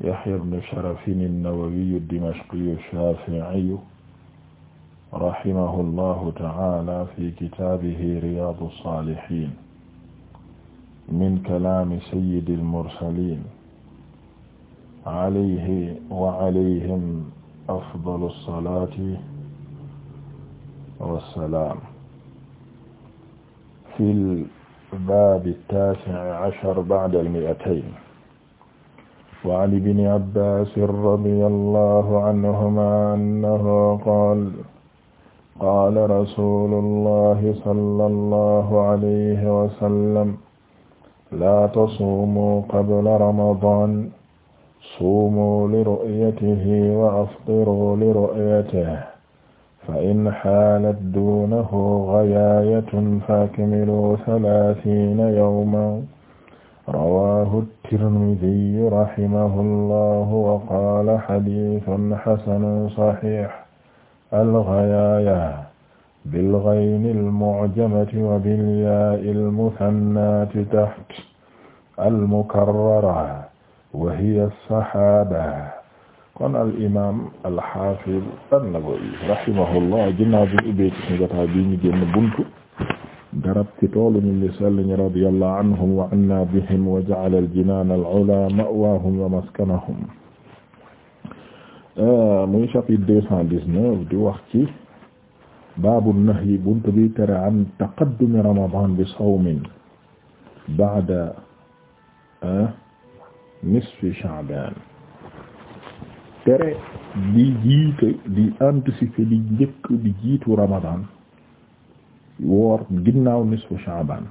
Yahya ibn Sharafin an-Nawawi ad-Dimashqi ash-Shafi'i rahimahu llahu ta'ala fi kitaabihi Riyaadu s-Saalihiin min kalaami sayyidi l-mursaliin alayhi wa alayhim afdalu s-salaati wa s-salaam fi l-baabi t-taasi'i ashar ba'da l-mi'atayn وعن ابن عباس رضي الله عنهما أنه قال قال رسول الله صلى الله عليه وسلم لا تصوموا قبل رمضان صوموا لرؤيته وأفطروا لرؤيته فإن حالت دونه غياية فأكملوا ثلاثين يوما رواه at-Tirmidhi rahimahullahu wa qaala xadiisun xasanun saxiix al-ghayaaya bil-ghayni al-mu'jamati wa bil-yaa'i al-muthannaati tahta al-mukarrara wa hiya as-sahaaba kon al-imaam al-xaafid an-Nawawi rahimahullah ginnaaw bi ñu ubbee ci suñu jotaay bi ñu génn buntu garab ci toolu ñu li sell ñi radiyallahu anhum wa anna bihim wa ja'ala al-jinaan al-'ulaa ma'waahum wa maskanahum euh, muy chapitre deux cent dix-neuf di wax ci baabu nahyi bunt bi tere an taqaddumi ramadan bi sawmin ba'da euh, nisfi sha'baan tere di jiite di anticiper di njëkk di jiitu ramadan woor ginnaaw nisfu Shaaban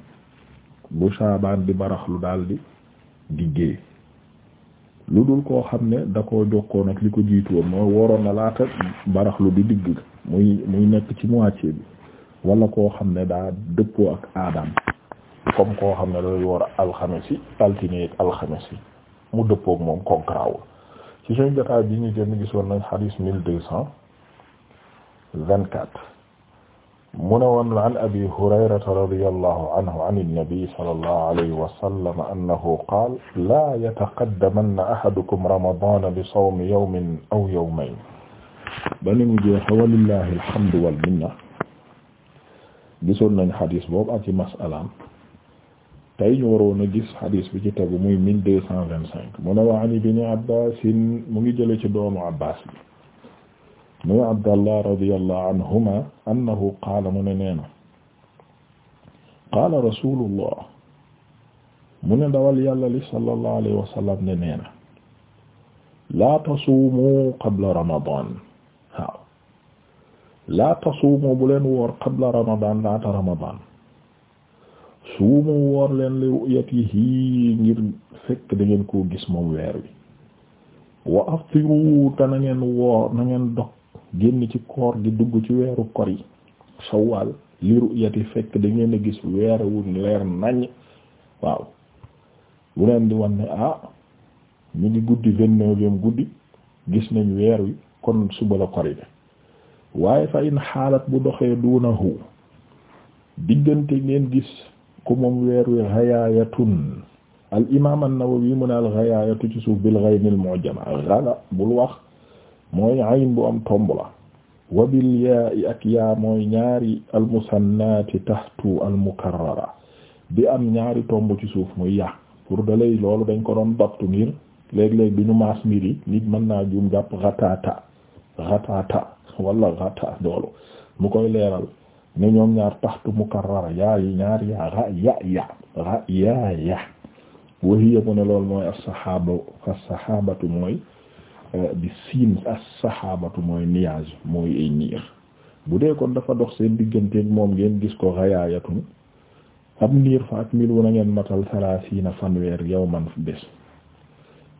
bu Shaaban di baraxlu daal di diggee lu dul koo xam ne da koo jokkoo nag li ko jiitu woon mooy wooroon na laata baraxlu di digg muy muy nekk ci moitié bi wala koo xam ne daa dëppoo ak aadaam comme koo xam ne dafay woor alxames yi altine ak alxames yi mu dëppoo ak moom konkaraawul ci suñu jotaay bi ñu génn gisoon nañ xadiis mille deux cent mu ne woon an abi hurayrata radiyallahu anhu an annabi sallallahu alayhi wa sallam annahu qaala laa yataqaddamanna ahadukum ramadaana bi sawmi yawmin aw yawmayn bani mu jeexe walillahi alhamdu wal minna gisoon nañ xadis boobu ak ci masalaam tey ñu waroon a gis xadis bi ci tegu muy mille deux cent vingt-cinq mu ne wa an ibni abbasin mu ngi jële ci doomu abbas bi muy abdallah radiyallahu anhuma annahu qaala mu ne nee na qaala rasulullah mu ne dawal yàlla li sallallahu alayhi wa sallam ne nee na laa tasuumu ramadan waaw laa ramadan suumu woor leen li ru'yatihi ngir fekk da ngeen koo gis moom weer wi wa aftiru te na ngeen woor na génn ci koor gi dugg ci weeru kor yi shawwal li ru'yati fekk da ngeen a gis weer wu leer naññ waaw bu leen di wan ne ah ñu ngi guddi vingt-neuvième guddi gis nañ weer wi kon suba la kor yi waaye fa in xaalaat bu doxee duunahu diggante ngeen gis ku moom weer wi ghayaayatun al imaam an-Nawawi mu ne al ghayaayatu ci suuf bil ghaynil mu'jama ghala bul wax mooy ayn bu am tomb la wa bil yaa'i ak yaa mooy ñaari almusannaati tahtu almukarrara bi am ñaari tomb ci suuf muy yaa pour dalay loolu dañ ko doon daptu ngir léeg-léeg bi ñu maas mbir nit mën naa juum jàpp xataata xataata wala xata loolu mu koy leeral ne ñoom ñaar tahtu mukarrara yaa yi ñaar yaa ra ya ya ra ya ya wa mooy as-sahaaba mooy Euh, bi siin as-saxaabatu mooy niyaaz mooy ay niir bu dee kon dafa dox seen digganteeg moom ngeen gis ko xayaayatun ab niir fa ak mil wu na ngeen matal salaasiina fanweer yawman bés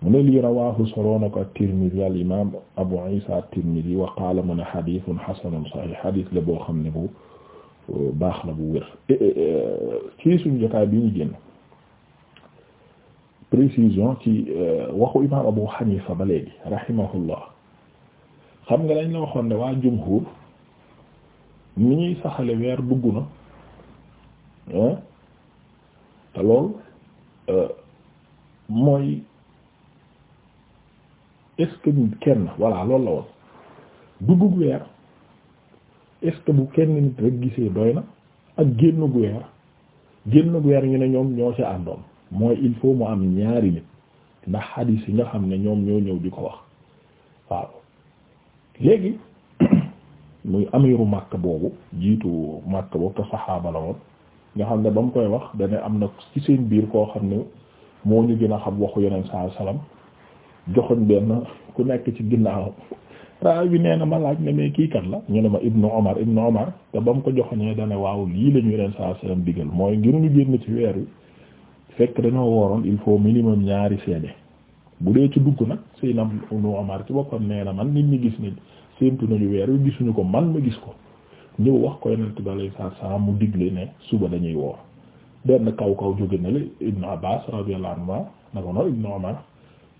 mu ne lii rawaahu solo na ko at-Tirmidhi al imaam Abu Isa a tirmidhi wa qaala mu ne xadiisun xasanun saxiix xadiis la boo xam ne bu euh, baax la bu wér eh, eh, eh, ci suñu bi ñu génn. précision ci euh, waxu imaam Abu Hanifa ba léegi rahimahullah xam nga dañ la waxoon ne waa jumhur ni ñuy saxale weer dugg na te lool euh, mooy est-ce kenn voilà loolu la woon duggug weer est bu kenn nit rek gisee doy na ak génnug weer génnug weer ñu ne ñoom ñoo ci àndoon mooy il faut mu am ñaari nit ndax xadiis yi nga xam ne ñoom ñoo ñëw di ko wax waaw léegi muy amiru màkk boobu jiitu màkk boobu te saxaaba la woon nga xam ne ba mu koy wax dana am na ci seen biir koo xam ne moo ñu gën a xam waxu yeneen saa salaam joxoñ benn ku nekk ci ginnaaw raaw bi nee na ma laaj ne mais kii kat la ñu ne ma ibnu omar ibnu omar te ba mu ko joxoñee dane waaw lii la ñu yeneen saa salaam digal mooy ngir ñu génn ci weer wi fekk dañoo wooroon il faut minimum ñaari seede bu dee ci dugg nag Seydina Ibnu Umar ci boppam nee na man nit ñi gis ni séentu nañu weer wi gisuñu ko man ma gis ko ñëw wax ko Yonent bi alayhi salaam mu digle ne suba dañuy woor benn kaw kaw jóge na la Ibnu Abbaas radiyallahu anhu na ko Ibnu Umar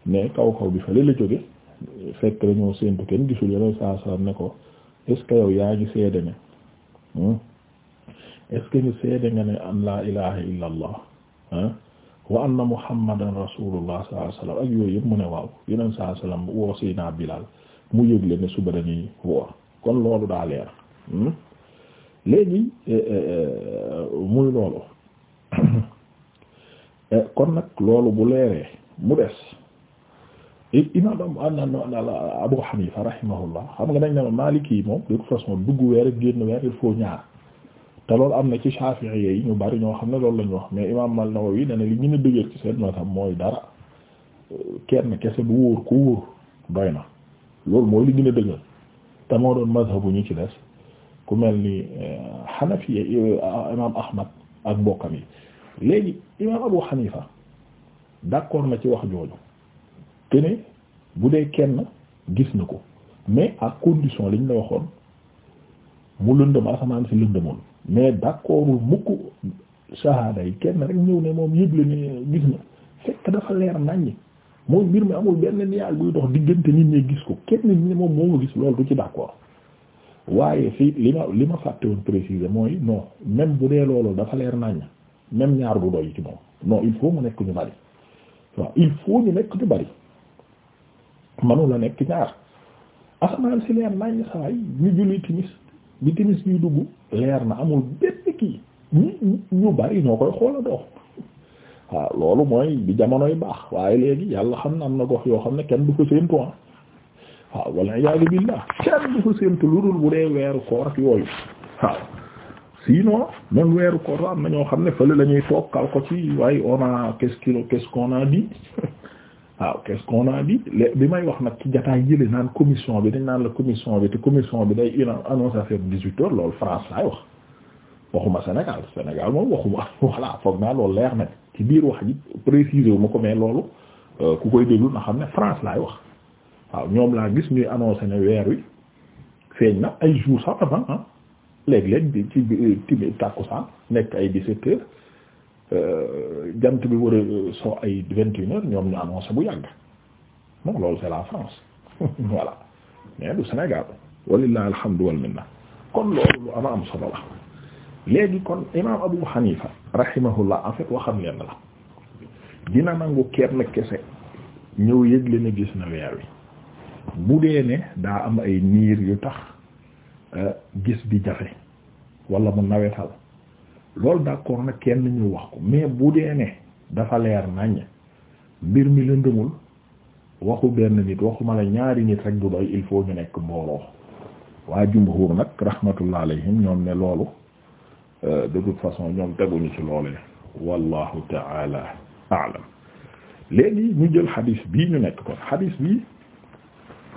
ne kaw kaw bi fële la jóge fekk dañoo séentu kenn gisul Yonent bi alayhi ne ko est-ce que yow yaa ngi seede ne hmm? est-ce que ñu seede nga ne an laa ilaaha illallah wa anna muhammadan rasulullah sallallahu alayhi wa sallam ak yooyu yëpp mu ne waaw yeneen sallallahu alayhi wa sallam woo Seydina Bilal mu yëgle ne suba dañuy woor kon loolu daa leer hmm? léegi eh, eh, eh, muy loolu kon nag loolu bu leeree mu des imam Abu Hanifa rahimahullah xam nga dañ ne ma Maliki moom de toute façon dugg weer ak génn weer il faut ñaar te loolu am na ci Shafi'i yi ñu bari ñoo xam ne loolu la ñu wax mais imaam An-Nawawi ne ne li gën a dëgër ci seen matam mooy dara kenn kese bu wóor ku wóor doy na loolu mooy li gën a dëgër te moo doon mazhabu ñu ci des ku mel ni eh, Hanafi eh, imaam Ahmad ak mbokkam yi léegi imaam Abu Hanifa d'accord na ci wax jooju te bu dee kenn gis na ko mais à condition liñ la waxoon mu lëndëm asamaan si lëndëmoon mais d'accordul mukk shahada yi kenn rek ñëw ne moom yëgle ni gis na fekk dafa leer naññ mooy mbir mi amul benn niyaal buy dox diggante nit ñi gis ko kenn nit ñi moom moo gis loolu du ci d'accord waaye fii li ma li ma fàtte woon préciser mooy non même bu dee loolu dafa leer naññ même ñaar du doy ci moom non il faut mu nekk ñu bari waaw il faut ñu nekk ñu bari manu la nekk ñaar asamaan si leer naññ saa yi ñu julli timis bi timis biy dugg leer na amul benn kii ñu ñu bari ñoo koy xoola dox waaw loolu mooy bi jamonoy baax waaye léegi yàlla xam na am na gox yoo xam ne kenn du ko séentu ah waaw walla iyaazu billaah kenn du ko séentu lu dul bu dee weeru koor ak yooyu waaw sinon même weeru koor am na ñoo xam ne fële la ñuy toog kal ko ci waaye on a qu'est-ce qu'il quest a dit waaw qu'est-ce qu'on a dit bi may wax nag ci jataay yële naan commission bi dañ naan la commission bi te commission bi day une annonce à faire dix-huit heures loolu France laay wax waxuma Sénégal Sénégal moom waxuma voilà foog naa loolu leer nag ci biir wax ji préciser wu ma ko mais loolu euh, ku koy déglu na xam ne France laay wax waaw ñoom laa gis ñuy annoncé ne weer wi feeñ na ay jours sax avant ah léeg-léeg ci timi tàkkusaan nekk ay dix-sept Euh, jant bi war a euh, so ay vingt et ñoom ñu annoncé bu yàgg moom loolu c'est la France voilà mais du Sénégal walillahi alhamdu wal kon loolu lu ama am solo la léegi kon imaam Abu Hanifa rahimahullah en fait waxam leen la dina nangu kenn kese ñëw yëgle ne gis na weer wi bu dee ne daa am ay niir yu tax euh, gis bi jafe wala mu nawetal loolu d'accord nag kenn ñu wax ko mais bu dee ne dafa leer nañ mbir mi lëndëmul waxu benn nit waxuma la ñaari nit rek du doy il faut ñu nekk mbooloo waa jumhur nag rahmatullah alayhim ñoom ne loolu euh, de toute façon ñoom teguñu ci loolee wallahu ta'ala a'lam léegi ñu jël xadis bii ñu nekk kon xadis bii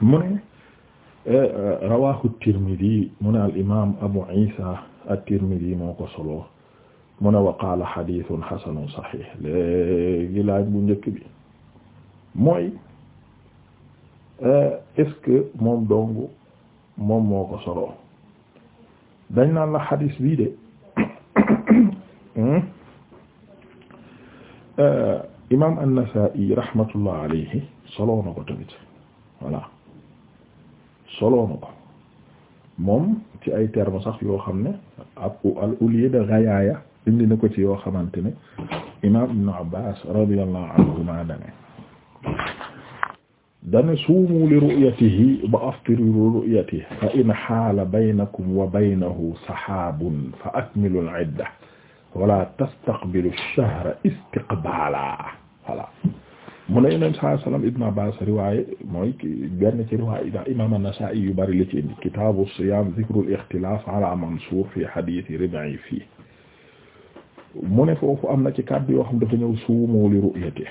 mu ne euh, rawahu Tirmidhi mu ne al imam Abu Isa at-Tirmidhi moo ko solo mu ne waqaala xadiisun xasanun saxiix léegi laaj bu njëkk bi mooy euh, est-ce que moom dong moo ko solo dañ naan la xadiis bii de euh, imaam an-Nasaa'i rahmatullah alayhi soloo ko tamit voilà soloo na ko moom ci ay termes yoo xam ne ab al uliya gayaaya indi na ko ci yoo xamante ne imaam ibnu Abbaas radiyallahu anhuma dane dane suumu li ru'yatihi wa aftiru li ru'yatihi fa in haala baynakum wa baynahu sahaabun fa akmilu al-idda wala tastaqbilu ash-shahra istiqbaala voilà mu ne Yonent sallallahu alayhi wa sallam Ibn Abbas riwaayé mooy benn ci riwaayé da Imaam An-Nasaa'i yu bari la ci indi kitaabu siyaam dhikru al-ikhtilaaf ala Mansuur fi hadiisi rib'i fii mu ne foofu am na ci kàddu yoo xam dafa ñëw suumu li ru'yati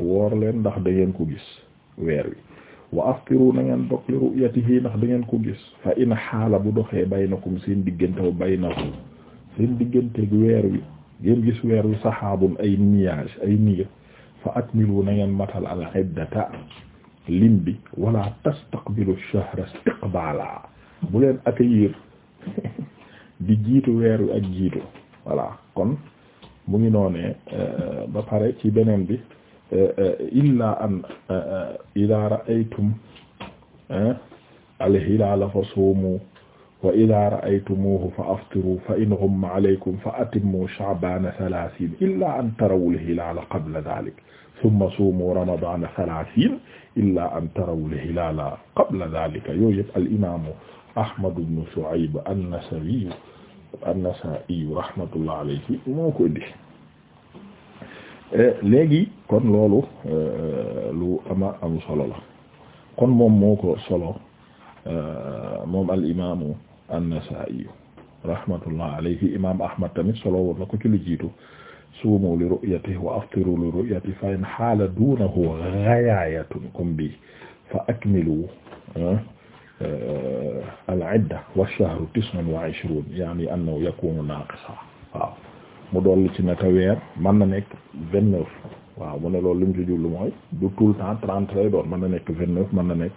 woor leen ndax da ngeen ko gis weer wi wa aftiru na dog li ru'yatihi ndax da ngeen ko gis fa in xaala bu doxee baynakum seen diggante wa baynahu seen digganteeg weer wi ngeen gis weer wi saxaabun ay nuage ay niir fa akmilu nangeen ngeen matal al iddata lim bi wala shahra istiqbala bu leen accueillir di jiitu weer wi ak jiitu voilà kon mu ngi noonee euh, ba pare ci beneen bi euh, euh, illa an ida ra'aytum alhilala fa suumu wa ida ra'aytumuhu fa aftiru fa in ghumma alaykum fa atimmu sha'bana thalathin illa an tarawu alhilala qabla dhalik thumma suumu ramadana thalathin illa an tarawu alhilala qabla dhalika yooyu yëpp al imamu ahmad ibn shu'ayb an-nasawi an-Nasa'i rahmatullah alayhi moo ko di eh, léegi kon loolu eh, lu ama am solo la kon moom moo ko solo eh, moom al imaamu an-Nasa'i rahmatullah alayhi imaam Ahmad tamit solo woon na ko ci lu jiitu suumu li ru'yatihi wa aftiru li ru'yatihi fa in haala duunahu ghayaayatun kum bi fa akmilu al-idda wa shahru tis'un wa ishrun yaani annahu yakunu naaqisa waaw mu dolli ci naka weer mën na nekk vingt neuf waaw mu ne loolu li mu ci jublu mooy du tout le temps trente lay doon mën na nekk vingt neuf mën na nekk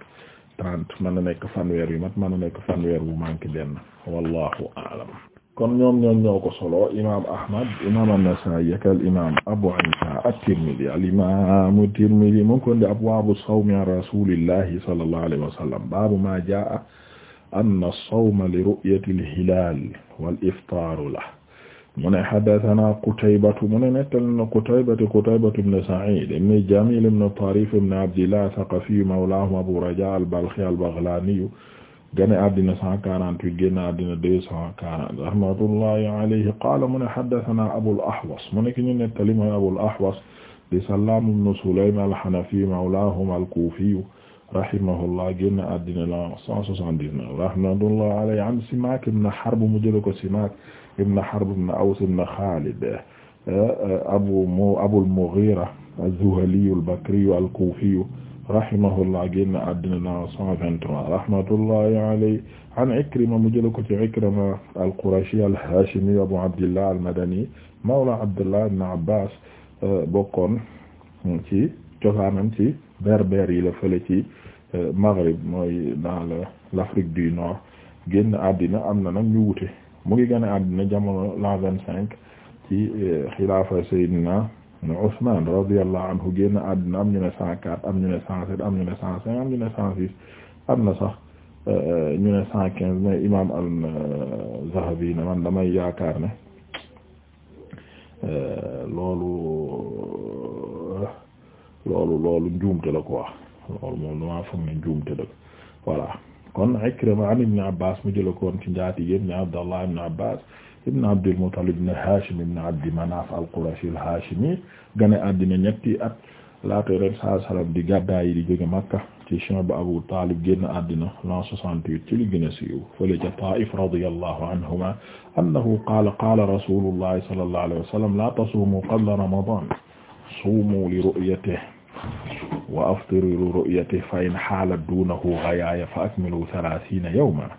trente mën na nekk fanweer yu mat man na nekk fanweer bu manqué benn wallahu a'lam kon ñoom ñoom ñoo ko solo imaam Ahmad imaam An-Nasaa'i ak imaam Abu Iisa At-Tirmidhi al-imaam At-Tirmidhi mu ngi ko indi abwaabu sawmi an rasuulillahi sallallahu alayhi wa sallam baabu maa jaa'a anna as-sawma li ru'yati al-hilaal wal iftaaru lahu mu ne haddathanaa Qutaybatu mu ne nettali na Qutaybatu Qutaybatu ibn Sa'iid ibn Jamiil ibn Tariif ibn Abdillah Ath-Thaqafi mawlaahum Abu Rajaa' al-Balkhi al-Baghlaani gane addina 148 génn addina 240 rahmatullahi alayhi qaala mu ne haddathana Abul Ahwas mu ne ki ñu nettali mooy Abul Ahwas di Sallaam ibn Sulaym al-Hanafi mawlaahum al-Kufi rahimahullah génn addina la 179 rahmatullahi alayhi an Simaak ibn Harb mu jël ko Simaak ibn Harb ibn Aws ibn Khalid eh, eh, abu Abul Mughira az-Zuhali al-Bakri al-Kufi rahimahullah génn àddina la 123 rahmatullahi alayhi an Ikrima mu jël ko ci Ikrima al-Qurashi al-Hashimi Abu Abdillah al-Madani mawla Abdullah ibn Abbas euh, bokkoon ci cosaanam ci berbère yi la fële ci euh, Maghrib mooy dans l'Afrique du Nord génn àddina am na nag ñu wute mu ngi génn àddina jamono la 25 ci euh, xilaafa Seydina ne Usman radiyallahu anhu génn àddina am ñu ne cent quatre am ñu ne cent sept am ñu ne cent cinq am ñu ne cent six am na sax euh, euh, ñu ne cent quinze mais imam al-Zahabi ne man damay yaakaar ne euh, loolu loolu loolu njuumte la quoi loolu moom damaa foog ne njuumte la voilà kon Ikrima an Ibn Abbas mu jëla koon ci njaati yéen ni Abdallah ibn Abdul Muttalib ibn Hashim ibn Abdi Manaf al-Qurashi al-Hashimi gane àddina ñetti at laata Yonent saa salaam di gàddaay di jóge Makka ci Shi'b Abu Talib génn àddina l'an 68 ci li gën a siiw fële ca Taa'if radiyallahu anhuma annahu qaala qaala Rasulullah sallallahu alayhi wa sallam la tasumu qabla Ramadan sumu li ru'yatihi wa aftiru li ru'yatihi fa in haalat duunahu ghayaaya fa akmilu thalaathiina yawman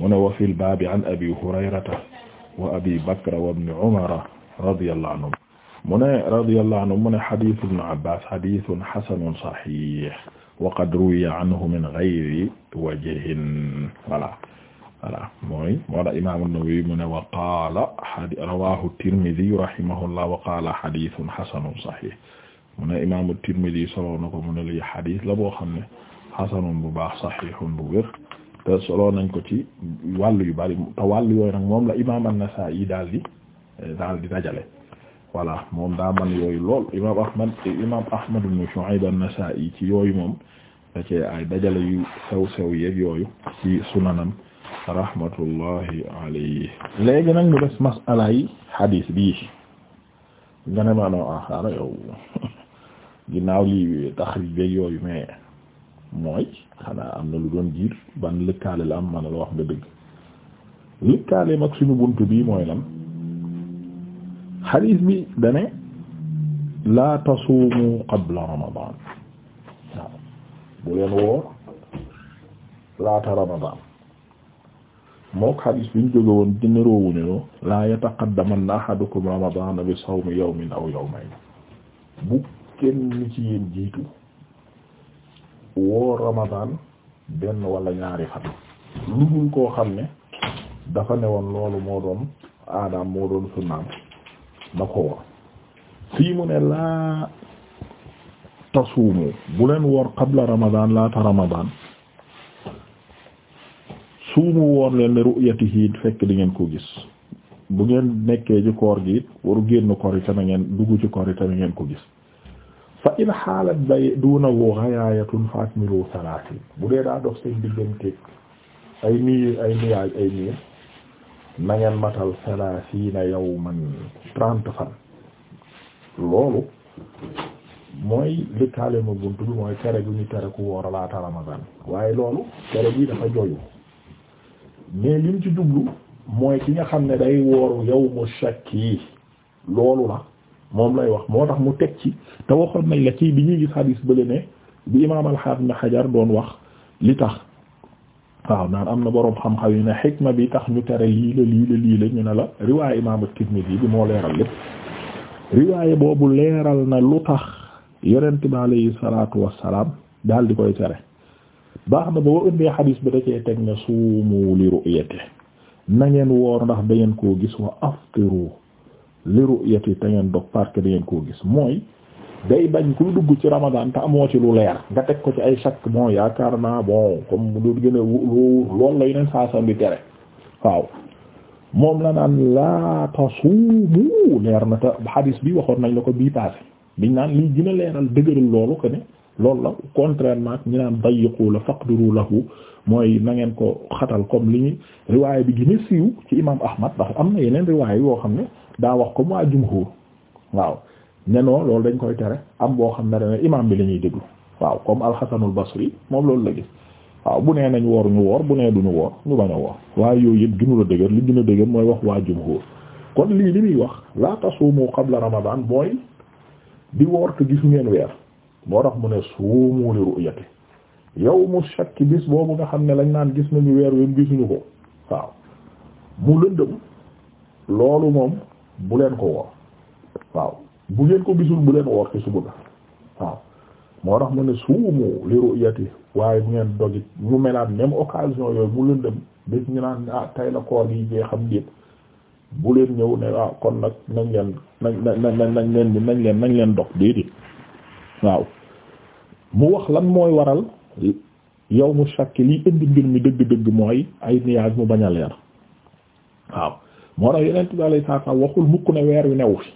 wa fil baabi an Abi Hurayrata wa abi bakr wa ibn umar radiyallahu anhum mu ne radiyallahu anhum mu ne hadith ibn abbas hadithun hasanun sahih wa qad ruwiya anhu min ghayri wajhin voilà voilà mooy moo tax imam an-Nawawi mu ne wa qaala rawahu at-Tirmidhi rahimahullah wa qaala hadithun hasanun sahih mu ne imam at-Tirmidhi solo na ko mu ne lii hadith la boo xam ne hasanun bu baax sahihun bu wér te solo nañ ko ci wàll yu bari te wàll yooyu nag moom la imaam an-Nasaa'i daal di daal di dajale voilà moom daa yooyu lool imaam Ahmad imaam Ahmad ibn Shu'ayb an ci yooyu moom da cee ay dajale yu sew sew yeeg yooyu ci sunanam rahmatullahi alayhi léegi nag ñu des masala yi hadis bii nga ne ma noo ah, xaaral yow ginnaaw lii taxrij beeg yooyu mais mooy. xanaa am na lu doon jiir ban lëkkaale la am man la wax nga dëgg lëkkaale mag suñu bunt bii mooy lan xadiis bi dane laa tasuumu qabla ramadaan waaw bu leen woor laata ramadaan mook xadiis bi ñu jóge woon dinaroowuñu loo laa yataqaddamanna ahadukum ramadaan bi sawmi yawmin aw yawmayn bu kenn ci yeen jiitu woor Ramadan benn wala ñaari fan lu dul koo xam ne dafa ne woon loolu moo doon aadaam moo doon sunnaam na ko woor fii mu ne laa tasuumu bu leen wor qabla Ramadan laata Ramadan suumu woor leen ne ru'yatihi fekk di ngeen ko gis bu ngeen nekkee ci koor gi it waru génn koor yi tamit ngeen dugg ci koor yi tamit ngeen ko gis fa in xaalat bay duunahu xayaayatun fa akmilu salaasin bu dee daa dox seen digganteeg ay nuyu ay nuyaaj ay niir na ngeen matal salaasina yawman trente fan loolu mooy li kaalema bunt bi mooy tere gu ñu tere ku woor laata ramadan waaye loolu tere bi dafa joyu mais lim ci jublu mooy ki nga xam ne day wooru yawmu shakki loolu la moom lay wax moo tax mu teg ci te waxoon nañ la ci bi ñuy gis xadiis bële ne bi imaam al-Hafiz Ibn doon wax li tax waaw naan am na boroom xam-xam yi ne xikma bi tax ñu tere lii la lii la lii la ñu ne la riwaay imaam at-Tirmidhi bi moo leeral lépp riwaay boobu leeral na lu tax yonent bi alayhi salaatu wassalaam dal di koy tere baax na boo ba ëndee xadiis bi da cee teg na suumu li ru'yati na ngeen woor ndax da ngeen koo gis wa aftiru li ru'yati te ngeen dog parce que da ngeen koo gis mooy day bañ kuy dugg ci ramadan te amoo ci lu leer nga teg ko ci ay chak bon yaakaar naa bon comme lu gën a loolu la yeneen saasam bi tere waaw moom la naan laa tasuumu leer na te hadis bi waxoon nañ la ko bii passé biñ naan liy gën a leeral dëgëral loolu que ne lool la contrairement ak ñu naan dayiqu la faqdiru lahu mooy na ngeen ko xatal comme li ñu riwaay bi gën a siiw ci imam ahmad ndax am na yeneen riwaay xam ne daa wax ko mu waa jumhur waaw nenoo loolu dañ koy tere am boo xam ne dana imam bi lañuy ñuy waaw comme alxasanul basri moom loolu la gis waaw bu nee nañ woor ñu woor bu nee duñu woor ñu bañ a woor waaye yooyu yëpp gënu li gën a mooy wax waa jumhur kon lii li wax la tasuumu qabla ramadan mooy di woor ngeen weer moo tax mu ne suumu li ru'yati nga xam ne lañ naan gis nañu weer wem gisuñu ko waaw mu lëndëm loolu moom bu leen ko woor waaw bu ngeen ko gisul bu leen woor ci suba ga waaw moo tax mu ne suumu li ru'yati waaye bu ngeen dogit mu melaat même occasion yooyu mu lëndëm bés ñu naan ah koor gi jee xam déet bu leen ñëw ne ah kon nag nañ leen nañ leen bi nañ leen nañ leen dog déedéet waaw mu wax lan mooy waral yow mu shakki liy indi mbir mi dëgg-dëgg mooy ay nuage mu bañ a leer waaw moo tax yeneen bi alay saa salaam waxul mukk ne weer wi newu fi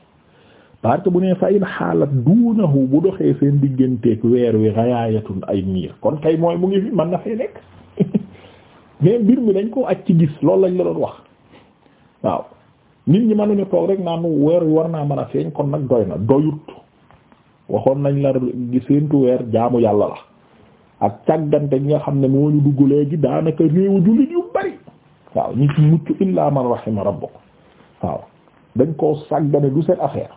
parce que bu nee fa in xaalat duunahu bu doxee seen digganteeg weer wi rayaayatun ay niir kon kay mooy mu ngi fi na fay nekk mais mbir mi dañ ko ak ci gis loolu lañ la doon wax waaw nit ñi mënuñu toog rek naan weer wi war naa mën a feeñ kon nag doy na doyut waxoon nañ la séentu weer jaamu yàlla la ak càggante gi nga xam ne moo ñu dugg léegi daanaka réewu jullit yu waaw ñi ci mucc illa man rahima rabbuk waaw dañ koo sàggane du seen affaire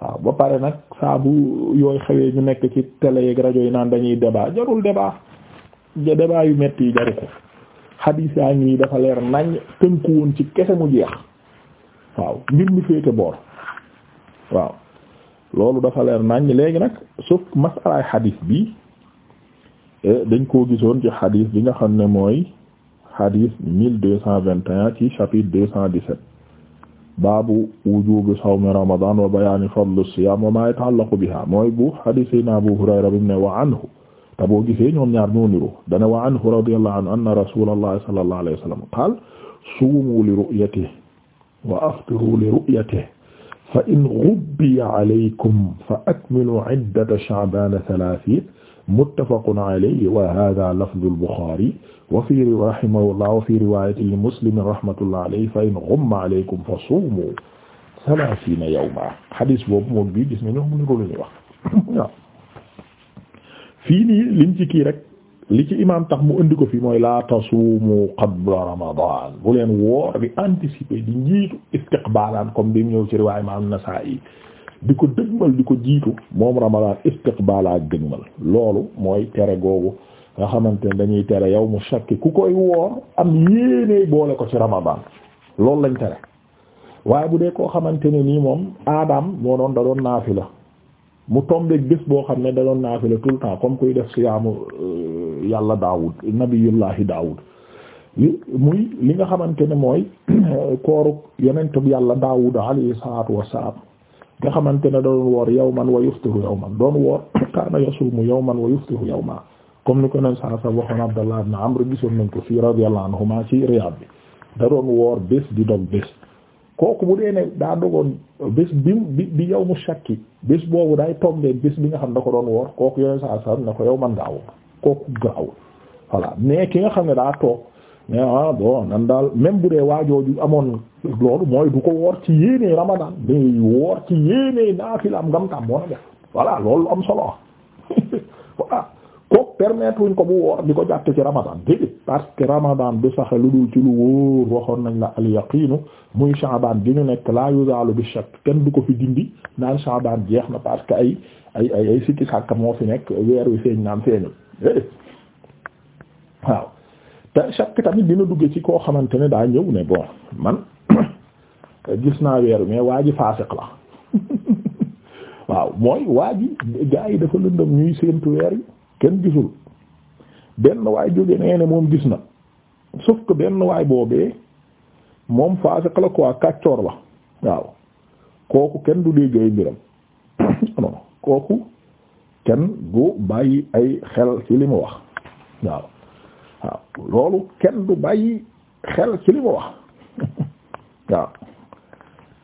waaw ba pare nag saa bu yooy xewee ñu nekk ci télé yeeg rajo yi naan dañuy débat jarul débat ja débat yu metti yi jaru ko xadiis yaa ngi dafa leer nañ tënku woon ci kese mu jeex waaw mbir mi féete boor waaw loolu dafa leer nañ léegi nag sauf masalaay xadiis bi eh, dañ koo gisoon ci xadiis bi nga xam ne mooy hadith mille deux cent vingt et un ci chapitre deux cent dix-sept baabu wujuubi sawmi ramadan wa bayaani fadlu siyaam wa maa yata'allaqu biha mooy bu hadith sayna Abu Hurayra bi mu ne wa anhu te boo gisee ñoom ñaar ñoo niru dana wa anhu radiyallahu anhu anna rasulallahi sallallahu alayhi wa sallam qaala suumu li ru'yatihi wa aftiru li ru'yatihi fa in ghubbiya alaykum fa akmilu iddata sha'baana thalaathiina muttafaqun alayhi wa hada lafdul Bukhari wa fi rahimahullah wa fi riwayati li Muslim rahmatullah alayhi fa in ghumma alaykum fa suumu salaasiina yawma hadis boobu moom bii gis nañu mu lu ñuy wax waaw fii nii liñ ci kii rek li ci imaam tax mu indi ko fi mooy la tasuumu qabla Ramadan bu leen woor di anticiper di njiitu istiqbaalaan comme bi mu ñëw ci riwaaya imaam Nasaa'i di ko dëgmal di ko jiitu moom ramadan istiqbala dëgmal loolu mooy tere googu nga xamante ne dañuy tere yow mu shakki ku koy woor am yéene boole ko ci ramadan loolu lañ tere waaye bu dee koo xamante ne nii moom aadaam moo doon da doon la mu tombeeg bés boo xam ne da doon naafila tout le temps comme kuy def siyaamu euh, yàlla daawud nabiyullahi daawud li muy li nga xamante ne mooy kooru yonentub yàlla daawud alayhi salaatu wassalaam nga xamante ne da doon woor yawman wa yuftihu yawman doon woor kaana yasuumu yawman wa yuftihu yawman comme ni ko nen saa sa waxoon Abdallah ibn Amr gisoon nañ ko fii radiyallahu anhuma ci Riyad bi da doon woor bés di dog bés kooku bu dee ne daa dogoon bés bi bi bi yawmu shakki bés boobu day tombé bés bi nga xam da ko doon woor kooku yoneen saa sa na ko yow man ngaa woor kooku gaawul voilà mais ki nga xam ne daa toog mais ah bon nan daal même bu dee waajooju amoon loolu mooy du ko woor ci yéenee ramadan mais woor ci yéenee naafila am ngam tam moo na def voilà loolu am solo voilà kooku permettre wuñ ko bu woor di ko jàtte ci ramadan déedéet parce que ramadan du saxe lu dul ci lu wóor waxoon nañ la al yaqiinu muy shaaban bi ñu nekk la yuzalu bi shakk kenn du ko fi dindi naan shaaban jeex na parce que ay ay ay ay sàkk moo fi nekk weer wi feeñ naan feeñul waaw te chaque tamit dina dugg ci koo xamante ne daa ñëw ne bon man gis naa weer mais waa ji faasiq la waaw mooy waa ji gaa yi dafa lëndëm ñuy séentu weer yi kenn gisul benn waay jóge nee moom gis na sauf ko benn waay boobee moom faasiq la quoi kàccoor la waaw kooku kenn du dégg ay mbiram kooku kenn du bàyyi ay xel ci li mu wax waaw loolu kenn du bàyyi xel ci li mu wax waaw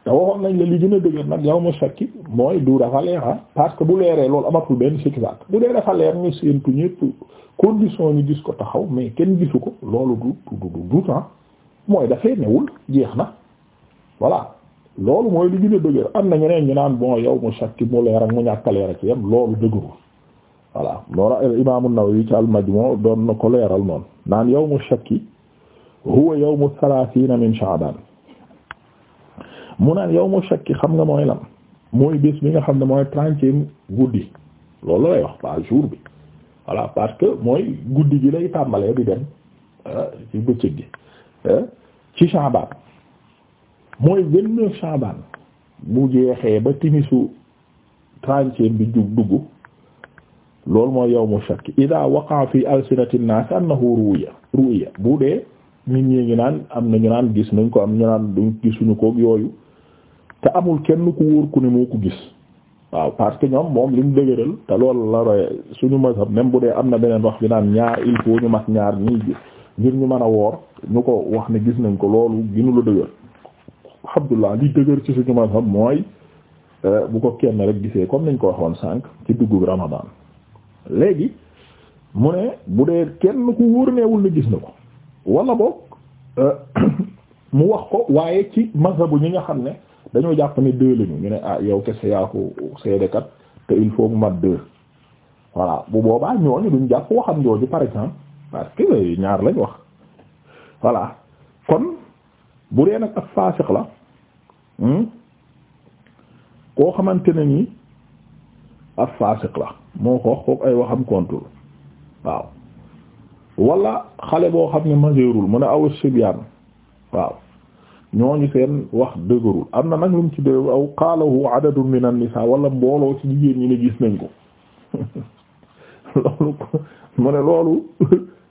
te waxoon nañ la li gën a dëgër nag yow mu sakki mooy du dafa leera ah, parce que bu leeree loolu amatul benn sikki sàkk bu dee dafa leer ñu séentu ñëpp condition ñu gis ko taxaw mais kenn gisu ko loolu du du du du temps ah. mooy dafay newul jeex na voilà loolu mooy li gën a dëgër am na ñeneen ñu naan boo yow mu sakki mu leer ak mu ñàkk a leer ak yam loolu ko voilà loolu imaamu Nawawi ci al-Majmu' doon na ko leeral noonu naan yawmu shakki huwa yawmu thalaathiina min Sha'baan mu naan yawmu shakki xam nga mooy lan mooy bés bi nga xam ne mooy trentième guddi loolu lay wax pas jour bi voilà parce que mooy guddi gi lay tàmbalee di dem euh, ci bëccëg gi euh, ci Sha'baan mooy vingt-neuf Sha'baan jeexee ba timisu trentième bi jug loolu mooy mu shakk ida waqa fi alsinati nnaas annahu ruya ruya bu dee nit ñi ngi naan am na ñu naan gis nañ ko am ñu naan gis suñu ko yooyu te amul kenn ku wóor ku ne moo ko gis waaw parce que ñoom moom li mu dëgëral te lool la roye suñu mazhab même bu dee am na beneen wax bi naan ñaar il faut ñu mat ñaar ñii gis ngir ñu man a woor ñu ko wax ne gis nañ ko loolu ginu la dëgër alhamdulillah li dëgër ci suñu mazhab mooy euh, bu ko kenn rek gisee comme nañ ko waxoon sànq ci duggu Ramadan léegi mu ne bu dee kenn ku wóor neewul ne gis na ko wala boog euh, mu wax ko waaye ci masabu ñi nga xam ne dañoo jàpp ne deux lañu ñu ne ah yow kese yaa ko seedekat te il faut mu mat deux voilà bu boobaa ñooñu duñ jàpp waxam jooju par exemple parce que ñaar lañ wax voilà kon bu dee nag ak faasiq la hmm, koo xamante ne nii ak la moo ko wax kooku ay waxam kontul waaw wala xale boo xam ne majeerul mu ne aw sibyaan waaw ñoo ñooñu seen wax dëgërul am na nag lu mu ci dëgërul aw qaalahu adadun min an-nisaa wala mbooloo ci jigéen ñi ne gis nañ ko loolu mu ne loolu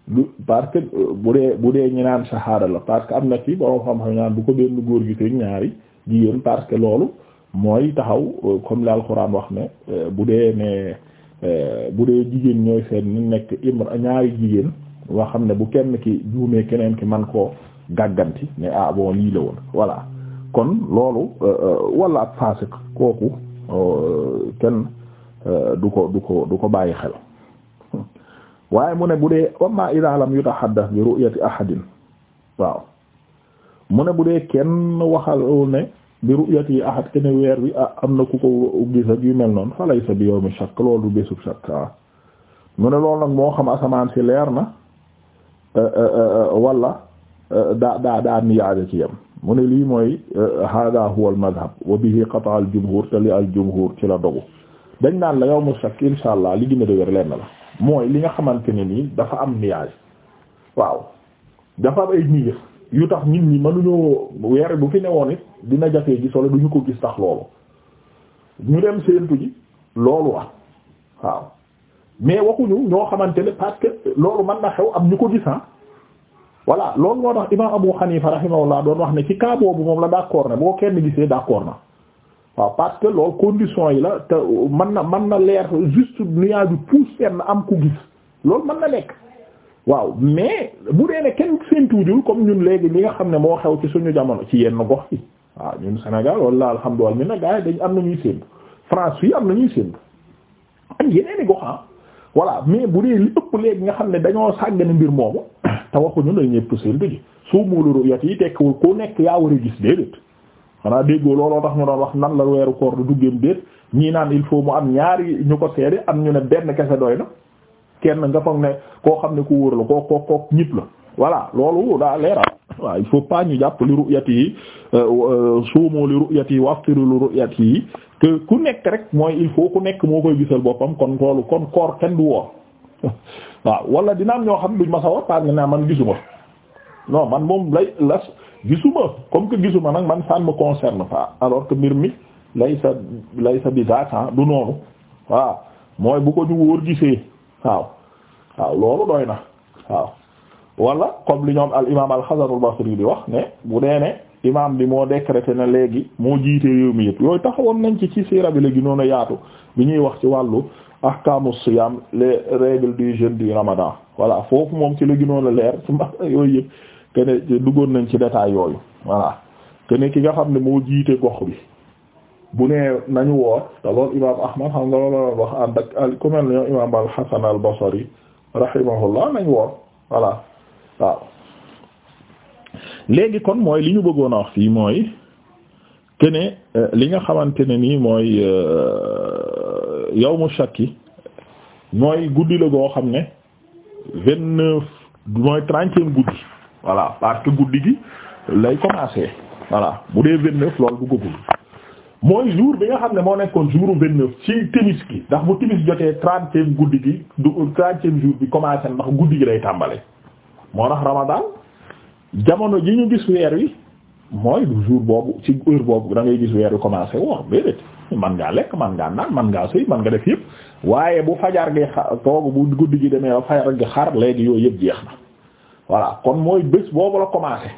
du parce que bu dee bu dee ñu naan saxaada la parce que am na ci borom xam-xam ñaan bu ko benn góor gi te ñaari jigéen parce que loolu mooy taxaw euh, comme l'alxuraan wax ne euh, bu dee ne euh, bu dee jigéen ñooy seen ñu nekk imra ñaari jigéen yoo xam ne bu kenn ki juumee keneen ki man koo gàgganti ne ah lii la woon voilà kon loolu wala ab fasik kooku kenn du ko du ko du ko bàyyi xel waaye mu ne bu dee amma idha lam yutahaddath bi ru'yati ahadin waaw mu ne bu dee kenn waxalul ne bi ru'yati ahad kene weer wi ah am na ku ko gis ak yu mel noonu falay sa bi yawmi shakk loolu du bésub shakk ah mu ne loolu nag moo xam asamaan si leer na eh, eh, eh, wala daa daa daa niyaaja ci yem mu ne lii mooy hada huwa al madhab wa bihi qata al jumhur te li al jumhur ci la dogu dañ naan la yawmu shakk insha allah li gën a dëgër lenn la mooy li nga xamante ne nii dafa am niyaaj waaw dafa am ay niyaaj yu tax nit ñi mënuñoo weer bu fi newoon it dina jafee gi solo duñu ko gis tax loolu ñu dem séentu ji loolu wax waaw mais waxuñu ñoo xamante ne parce loolu man na xew am ñu ko gis ah voilà loolu moo tax imam Abu Hanifa rahimahullah doon wax ne ci cas boobu moom la d'accord na boo kenn gisee d'accord na waaw parce que loolu condition yi la te mën na mën na leer juste nuage bi pousse fenn am ku gis loolu mën na nekk waaw mais bu dee ne kenn séntuwul comme ñun léegi li nga xam ne moo xew ci suñu jamono ci yenn gox yi waaw ñun Sénégal wala alhamdulilah gars yi dañ am na ñuy séntu France fii am na ñuy séntu ak yeneen ah. bu dee li nga xam ne dañoo sàggane mbir moomu te waxuñu ne ñëpp séntu ji suu muulu yi tekkiwul ku nekk yaa war a gis déedéet xanaa déggoo doon wax nan la weeru koor du duggeem ñii naan il faut mu am ñaari ñu ko seede am ñu ne benn kese doy na kenn nga foog ne koo xam ne ku wóor la koo koo koo ñit la voilà loolu daa leeral waaw il faut pas ñu jàpp li ru'yati yi euh, euh, suumoo li ru'yati yi waftiru li ru'yati yi ku nekk rek mooy il faut ku nekk moo koy gisal boppam kon loolu kon koor kenn du woor waaw wala dina am ñoo xam duñ ma sa woor parce que naa man gisuma non man moom lay las gisuma comme que gisuma nag man ça am me concerne pas alors que mbir mi lay sa lay sa bizarre ah, du noonu waaw mooy bu ko ñu wóor gisee waaw waaw loolu doy na waaw wala comme li ñoom al imaam al Hasan al bi wax ne bu dee ne imaam bi moo décrété na léegi moo jiite réew mi yëpp yooyu taxawoon nañ ci ci siira bi léegi noonu a yaatu bi ñuy wax ci wàllu ahkaamu siyaam le règles du jeune du ramadan voilà foofu moom ci la gënoon a leer ci ma yooyu yëpp duggoon nañ ci détail yooyu voilà kene ki nga xam ne moo jiite gox bi bu nee nañu woor te loolu imaam Ahmad xam nga loolu wax ànd ak al ku mel ne imaam al-Hasan al-Basri rahimahullah nañu woor voilà waaw. léegi kon mooy li ñu bëggoon a wax fii mooy que euh, li nga xamante ne nii mooy yow euh, yawmu shakki mooy guddi la goo xam ne vingt neuf mooy trentième guddi voilà parce que guddi gi lay commencer voilà bu dee vingt neuf loolu bu guddul. mooy jour bi nga xam ne moo nekkoon jour vingt neuf ci timis gi ndax bu timis jotee trentième guddi gi du trentième jour bi commencé ndax guddi gi lay tàmbale moo tax ramadan jamono ji ñu gis weer wi mooy jour boobu ci heure boobu da ngay gis weer wi commencé woor déedéet man ngaa lekk man ngaa naan man ngaa sëy man nga def yëpp waaye bu fajar gi xa toog bu guddi gi demee ba fajar gi xar léegi yooyu yëpp jeex na voilà kon mooy bés boobu la commencé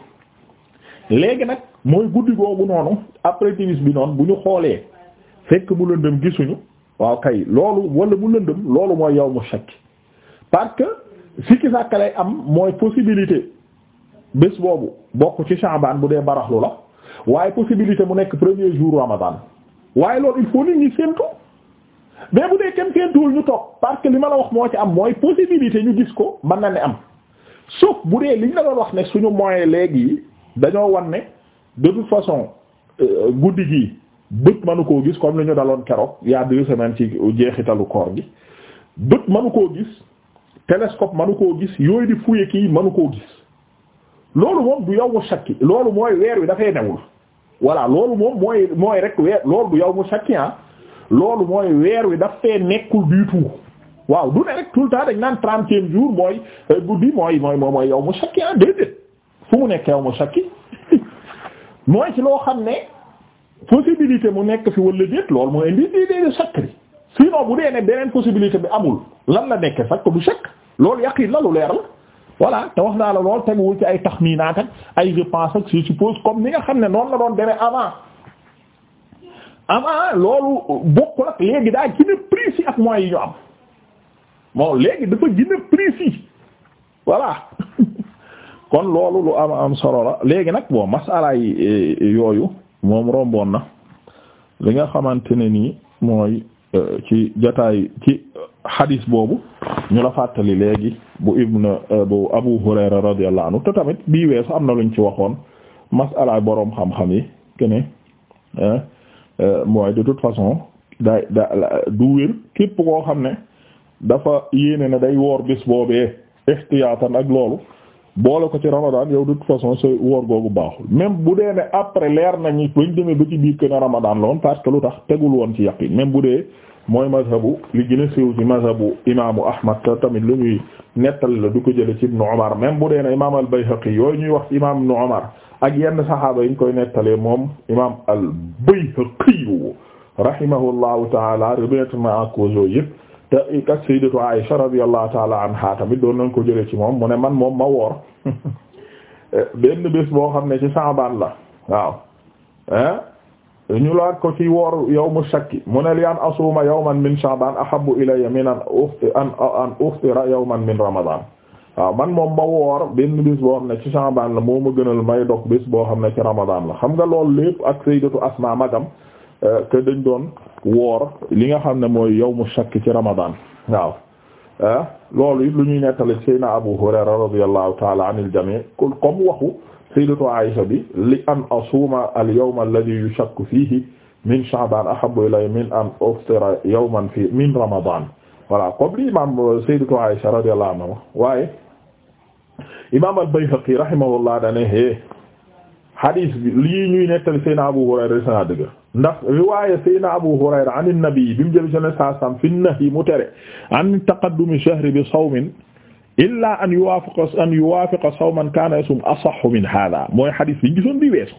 léegi nag mooy guddi googu noonu après timis bi noonu bu ñu xoolee fekk mu lëndëm gisuñu waaw kay loolu wala mu lëndëm loolu mooy yow mu shakk parce que sikki sàkka lay am mooy possibilité bés boobu bokk ci Sha'ban bu dee baraxlu la waaye possibilité mu nekk premier jour Ramadan waaye loolu il faut nit ñi séntu mais bu dee kenn séntuwul ñu toog parce que li ma la wax moo ci am mooy possibilité ñu gis ko mën na ne am su bu dee liñ la doon wax ne suñu moyen léegi dañoo wan ne de toute façon euh, guddi gi bët manu koo gis comme li ñu daloon keroog ya a deux semaines ci jeexitalu koor gi bët manu koo gis télescope manu koo gis yooyu di fuye kii manu koo gis loolu moom du yow mu sakki loolu mooy weer wi dafay newul voilà loolu moom mooy mooy rek weer loolu du yow mu sakki ah loolu mooy weer wi dafay nekkul du tout waaw du ne rek tout le temps dañ naan trentième jour mooy euh, guddi mooy mooy mooy yow mu sakki ah déedéet fu mu nekk yow mu sakki mooy ci loo xam ne possibilité mu nekk fi wala déet loolu mooy indi idée de chakk bi sinon bu dee ne beneen possibilité bi amul lan la nekke fakk du chakk loolu yaqiin lalu leeral leer voilà te wax naa la lool teguwul ci ay taxminaat ak ay je pense ak je suppose comme ni nga xam ne noonu la doon demee avant avant loolu bokkul ak léegi daa gën a précis ak moyens yi ñu am bon léegi dafa gën a précis voilà kon loolu lu am am solo la léegi nag bon masalaay e, e, yooyu moom romboon na li nga xamante ne nii mooy e, ci jotaay ci xadiis boobu ñu la fàttali léegi bu ibn bu Abu Hurayra radiyallahu anhu te tamit bii weesu am na lu luñ ci waxoon masalaay boroom xam-xam yi que ne mooy de toute façon day da du wér képp koo xam ne dafa yéene ne day woor bis boobee ihtiyaatan ak loolu boole ko ci ramadan yow de toute façon sa woor googu baaxul même bu dee ne après leer nañu bañ demee ba ci biir que ne ramadan la woon parce que lu tax tegul woon ci yaqin même bu dee mooy mazhabu li gën a siiw ci mazhabu imaamu Ahmad te tamit lu ñuy nettali la du ko jële ci Ibnu Umar même bu dee ne imaam al-Bayhaqi yooyu ñuy wax ci imaam Ibnu Umar ak yenn saxaaba yi ñu koy nettalee moom imaam al-Bayhaqi rahimahullahu taala remettre na en cause yooyu yëpp. te ak sayyidatu Aisha radiyallahu ta'ala anha tamit doon nañ ko jëlee ci moom mu ne man moom ma woor benn bés boo xam ne ci Sa'baan la waaw eh? ñu laaj ko ci woor yawmu shakki mu ne li an asuma yawman min Sha'baan ahabbu ilayya min an an uftira yawman min Ramadaan waaw man moom ma woor benn bés boo xam ne ci Sha'baan la moo ma gënal may dog bés boo xam ne ci Ramadaan la xam nga loolu lépp ak sayyidatu Asmaa magam te euh, dañ doon woor li nga xam ne mooy yawmu shakk ci ramadan waaw ah loolu it lu ñuy nettali sayna Abu Hurayra radiyallahu ta'ala anil jami' comme waxu sayyidatu Aisha bi li an asuma al yawma alladhi yushakku fihi min sha'ban ahabbu ilayya min an uftira yawman fi min ramadan voilà comme li imam euh, sayyidatu Aisha radiyallahu anha waaye imam al-Bayhaqi rahimahullah dane hadis bi lii ñuy nettali Seyna Abu Hurayra di sana dëgg ndax riwaaya Seyna Abu Hurayra an nabii bi mu jëli sene saa sam fi nahyi mu tere an taqaddumi shahri bi sawmin illa an yuwaafiqa an yuwaafiqa sawman kaana yasum asahhu min hada mooy hadis bi ñu gisoon bi weesu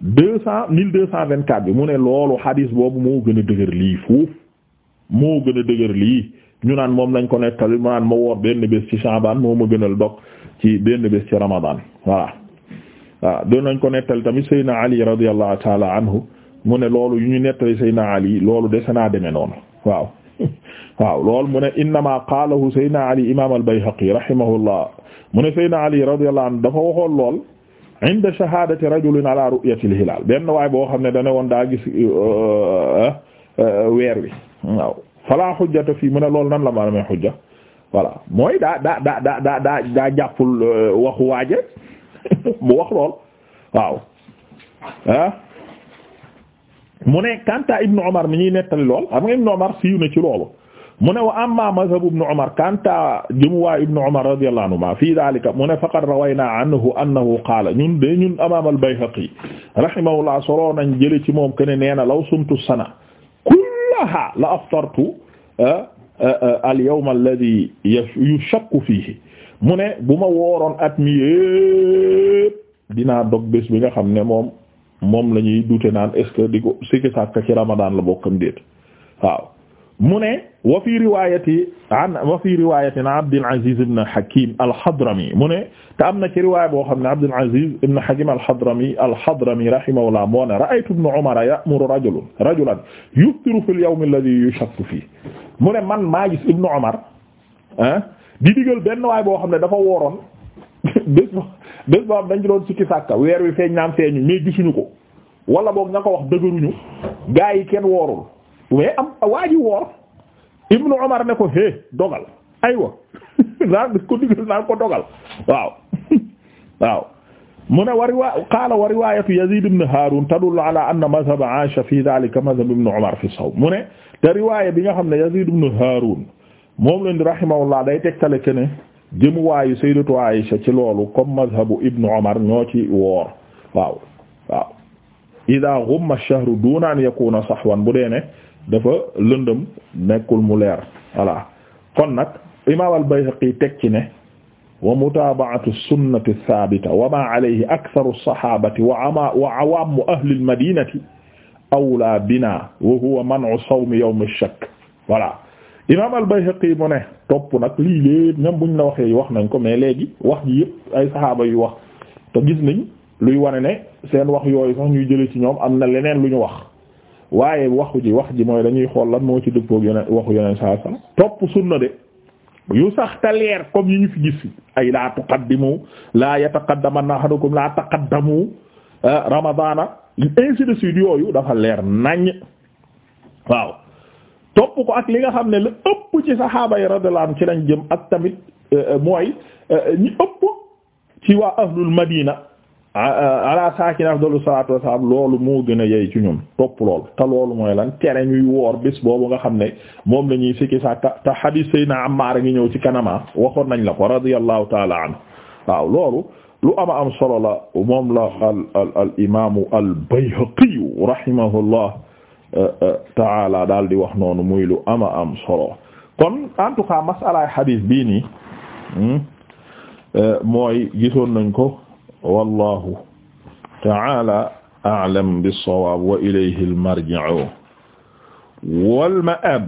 deux cent mille deux cent vingt quatre bi mu ne loolu hadis boobu moo gën a dëgër lii foofu moo gën a dëgër lii ñu naan moom lañ ko nettali mu naan ma woor benn bés ci Shaabaan moo ma gënal dog ci benn bés ci Ramadaan voilà waaw doon nañ ko nettali tamit Seydina Ali radiyallahu taala anhu mu ne loolu yu ñu nettali Seydina Ali loolu dese naa demee noonu waaw waaw loolu mu ne innama qaalahu Seydina Ali imam al-Bayhaqi rahimahullah mu ne Seydina Ali radiyallahu anhu dafa waxoon lool inda shahadati rajulin ala ru'yati al-hilal benn waay boo xam ne dane woon daa gis euh, euh, euh, weer wi waaw fala hujjata fii mu ne loolu nan la ma amee hujja mooy daa daa daa daa daa waxu waaje mu wax lool waaw ah mu ne kanta ibnu Umar mi ñuy nettali lool xam nga ibnu Umar siiw na ci loolu mu ne wa amma mazhabu ibnu Umar kanta jëmuwaay ibnu Umar radiyallahu anhuma fi daalika mu ne faqad rawaynaa anhu annahu qaala ñun de ñun imaam al-Bayhaqi rahimahullah soloo nañ jële ci moom ken nee na law sumtu sana kullaha la aftartu ah, ah, ah, al yawm alladhi yushakku fihi mu ne bu ma wooroon at mi yépp dinaa dog bés bi nga xam ne moom moom la ñuy dute naan est-ce que di ko sikki sàkk ci ramadan la bokkam déet waaw mu ne wa fi riwayati an wa fi riwayatin Abdul Aziz ibn Hakim al-Hadrami mu ne te am na ci riwaaya boo xam ne Abdul Aziz ibn Hakim al-Hadrami al-Hadrami rahimahullah moo ne ra'aytu ibn Umar ya'muru rajulan rajulan yuftiru fil yawm alladhi yushakku fihi mu ne man maa gis ibn Umar ah di digal benn waay boo xam ne dafa wooroon bés bés boo xam dañ ci doon sikki weer wi feeñ naam feeñu mais gisuñu ko wala boog ña ko wax dëgëruñu gaa yi kenn woorul mais am waa ji woor Ibnu Umar ne ko hé dogal aywa naan ko digal naan ko dogal waaw waaw mu ne wa riwa qaala wa riwayatu Yazid ibn Harun tadullu ala anna madhhab Aisha fi dhalika madhhab Ibn Umar fi sawm mu ne te riwaaya bi nga xam ne Yazid ibn Harun moom leen di rahimahullah day tegtale ke ne jëmuwaayu sayyidatu Aisha ci loolu comme mazhabu ibnu Umar ñoo ci woor waaw waaw ida ghumma ash-shahru duna an yakuna sahwan bu dee ne dafa lëndëm nekkul mu leer voilà kon nag imam al-Bayhaqi teg ci ne wa mutaaba'atu sunnati thabita wa ma alayhi aktharu as-sahabati wa ama wa awaamu ahli al-madinati awla bina wa huwa man'u sawmi yawm ash-shakk voilà imaam al-Bayhaqi mu ne topp nag lii lépp même buñ la waxee wax nañ ko mais léegi wax ji yëpp ay saxaaba yu wax te gis nañ luy wane ne seen wax yooyu sax ñuy jële ci ñoom am na leneen lu ñu wax waaye waxu ji wax ji mooy dañuy xool lan moo ci dëppook yeneen waxu yeneen saa saa topp sunna de yu sax te comme yi ñu fi gis ay laa tuqaddimu laa yataqaddamanna ahadukum laa taqaddamu ah, ramadana ainsi de suite yooyu dafa leer nañ waaw topp ko ak li nga xam ne la ëpp ci saxaaba yi radiyallahu ci lañ jëm ak tamit euh, euh, mooy euh, ñi ëpp ci waa ahlul madina ala saakina afdalu salaatu wassalaam loolu mu gën a yey ci ñun topp lool te loolu mooy lan tere ñuy woor bés boobu nga xam ne moom la ñuy sikki sa te xadiis sayna Ammaar ngi ñëw ci kanama waxoon nañ la ko radiyallahu taala anhu waaw loolu lu ama am solo la moom la al al al imaamu al Bayhaqi Euh, euh, taala daal di wax noonu muy lu ama am solo kon en masalaay xadiis bii nii hmm, euh, mooy gisoon nañ ko wallahu taala a'lam bis-sawaab wa ilayhi al wal ma'ab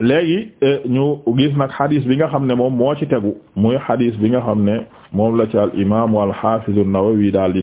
léegi ñu gis nag xadis bi nga xam ne moom moo ci tegu muy xadis bi nga xam ne moom la ci al imaam daal di